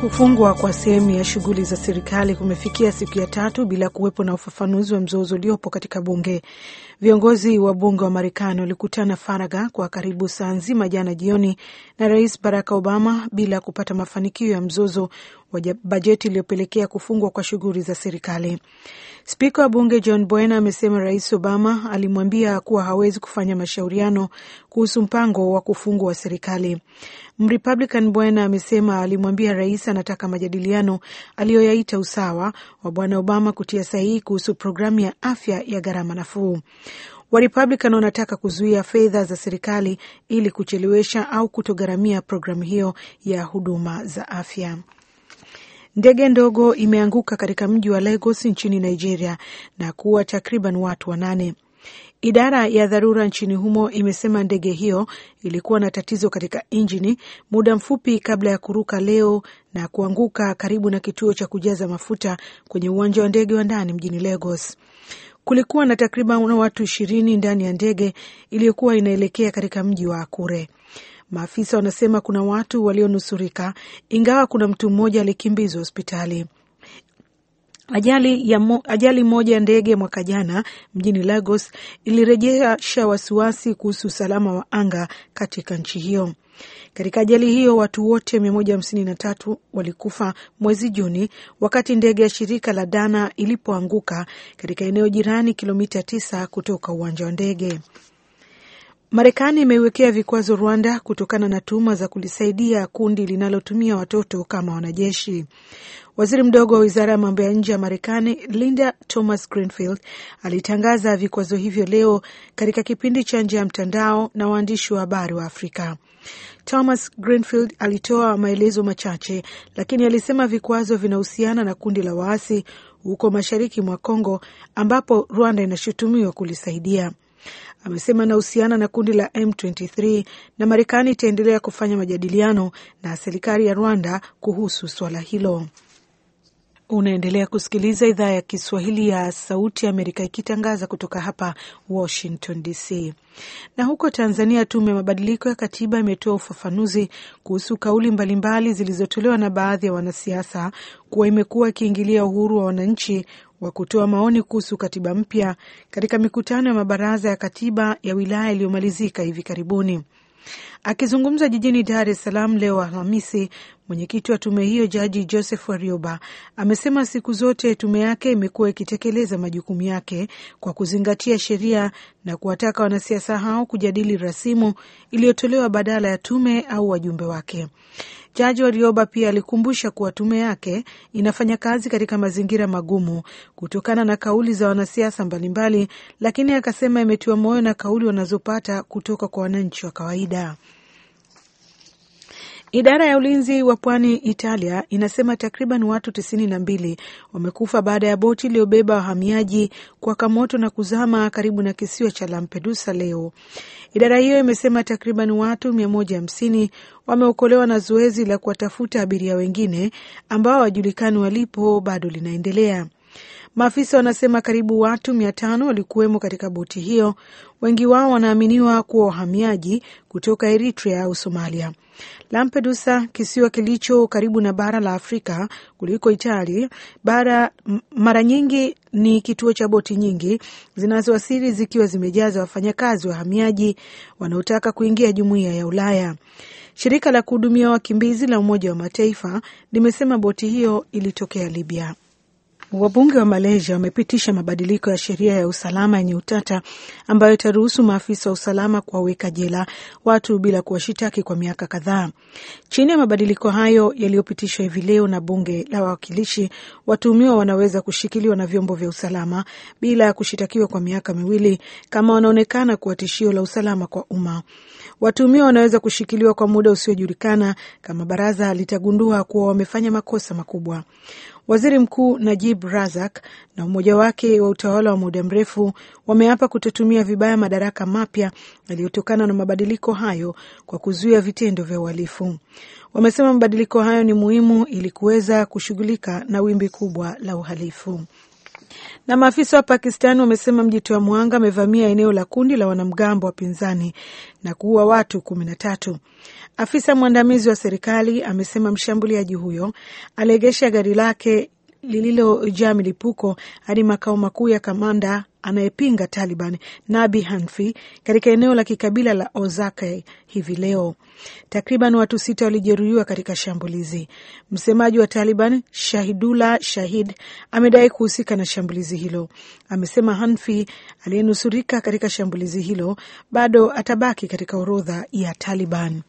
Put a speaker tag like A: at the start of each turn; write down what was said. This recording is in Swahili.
A: Kufungwa kwa sehemu ya shughuli za serikali kumefikia siku ya tatu bila kuwepo na ufafanuzi wa mzozo uliopo katika bunge. Viongozi wa bunge wa Marekani walikutana faraga kwa karibu saa nzima jana jioni na Rais Barack Obama bila kupata mafanikio ya mzozo wa bajeti iliyopelekea kufungwa kwa shughuli za serikali. Spika wa bunge John Boehner amesema Rais Obama alimwambia kuwa hawezi kufanya mashauriano kuhusu mpango wa kufungwa wa serikali. Mrepublican Boehner amesema alimwambia rais anataka majadiliano aliyoyaita usawa wa Bwana Obama kutia sahihi kuhusu programu ya afya ya gharama nafuu. Warepublican wanataka kuzuia fedha za serikali ili kuchelewesha au kutogharamia programu hiyo ya huduma za afya. Ndege ndogo imeanguka katika mji wa Lagos nchini Nigeria na kuua takriban watu wanane. Idara ya dharura nchini humo imesema ndege hiyo ilikuwa na tatizo katika injini muda mfupi kabla ya kuruka leo na kuanguka karibu na kituo cha kujaza mafuta kwenye uwanja wa ndege wa ndani mjini Lagos. Kulikuwa na takriban watu ishirini ndani ya ndege iliyokuwa inaelekea katika mji wa Akure. Maafisa wanasema kuna watu walionusurika, ingawa kuna mtu mmoja alikimbizwa hospitali. Ajali, ya mo, ajali moja ya ndege mwaka jana mjini Lagos ilirejesha wasiwasi kuhusu usalama wa anga katika nchi hiyo. Katika ajali hiyo watu wote 153 walikufa mwezi Juni wakati ndege ya shirika la Dana ilipoanguka katika eneo jirani kilomita 9 kutoka uwanja wa ndege. Marekani imeiwekea vikwazo Rwanda kutokana na tuhuma za kulisaidia kundi linalotumia watoto kama wanajeshi. Waziri mdogo wa wizara ya mambo ya nje ya Marekani, Linda Thomas Greenfield, alitangaza vikwazo hivyo leo katika kipindi cha nje ya mtandao na waandishi wa habari wa Afrika. Thomas Greenfield alitoa maelezo machache, lakini alisema vikwazo vinahusiana na kundi la waasi huko mashariki mwa congo ambapo Rwanda inashutumiwa kulisaidia. Amesema anahusiana na kundi la M23 na Marekani itaendelea kufanya majadiliano na serikali ya Rwanda kuhusu suala hilo. Unaendelea kusikiliza idhaa ya Kiswahili ya Sauti ya Amerika ikitangaza kutoka hapa Washington DC. Na huko Tanzania, Tume ya Mabadiliko ya Katiba imetoa ufafanuzi kuhusu kauli mbalimbali zilizotolewa na baadhi ya wanasiasa kuwa imekuwa ikiingilia uhuru wa wananchi wa kutoa maoni kuhusu katiba mpya katika mikutano ya mabaraza ya katiba ya wilaya iliyomalizika hivi karibuni. Akizungumza jijini Dar es Salaam leo Alhamisi, mwenyekiti wa tume hiyo Jaji Joseph Warioba amesema siku zote tume yake imekuwa ikitekeleza majukumu yake kwa kuzingatia sheria na kuwataka wanasiasa hao kujadili rasimu iliyotolewa badala ya tume au wajumbe wake. Jaji Warioba pia alikumbusha kuwa tume yake inafanya kazi katika mazingira magumu kutokana na kauli za wanasiasa mbalimbali, lakini akasema imetiwa moyo na kauli wanazopata kutoka kwa wananchi wa kawaida. Idara ya ulinzi wa pwani Italia inasema takriban watu tisini na mbili wamekufa baada ya boti iliyobeba wahamiaji kuwaka moto na kuzama karibu na kisiwa cha Lampedusa leo. Idara hiyo imesema takriban watu mia moja hamsini wameokolewa na zoezi la kuwatafuta abiria wengine ambao hawajulikani walipo bado linaendelea. Maafisa wanasema karibu watu mia tano walikuwemo katika boti hiyo, wengi wao wanaaminiwa kuwa wahamiaji kutoka Eritrea au Somalia. Lampedusa, kisiwa kilicho karibu na bara la Afrika kuliko itali bara, mara nyingi ni kituo cha boti nyingi zinazowasili zikiwa zimejaza wafanyakazi wahamiaji wanaotaka kuingia jumuiya ya Ulaya. Shirika la kuhudumia wakimbizi la Umoja wa Mataifa limesema boti hiyo ilitokea Libya. Wabunge wa Malaysia wamepitisha mabadiliko ya sheria ya usalama yenye utata ambayo itaruhusu maafisa wa usalama kuwaweka jela watu bila kuwashitaki kwa miaka kadhaa. Chini ya mabadiliko hayo yaliyopitishwa hivi leo na bunge la wawakilishi, watuhumiwa wanaweza kushikiliwa na vyombo vya usalama bila ya kushitakiwa kwa miaka miwili kama wanaonekana kuwa tishio la usalama kwa umma. Watuhumiwa wanaweza kushikiliwa kwa muda usiojulikana kama baraza litagundua kuwa wamefanya makosa makubwa. Waziri Mkuu Najib Razak na umoja wake wa utawala wa muda mrefu wameapa kutotumia vibaya madaraka mapya yaliyotokana na mabadiliko hayo kwa kuzuia vitendo vya uhalifu. Wamesema mabadiliko hayo ni muhimu ili kuweza kushughulika na wimbi kubwa la uhalifu. Na maafisa wa Pakistani wamesema mjitoa mwanga amevamia eneo la kundi la wanamgambo wa pinzani na kuua watu kumi na tatu. Afisa mwandamizi wa serikali amesema mshambuliaji huyo aliegesha gari lake lililojaa milipuko hadi makao makuu ya kamanda anayepinga Taliban Nabi Hanfi katika eneo la kikabila la Ozaka hivi leo. Takriban watu sita walijeruhiwa katika shambulizi. Msemaji wa Taliban Shahidula Shahid amedai kuhusika na shambulizi hilo. Amesema Hanfi aliyenusurika katika shambulizi hilo bado atabaki katika orodha ya Taliban.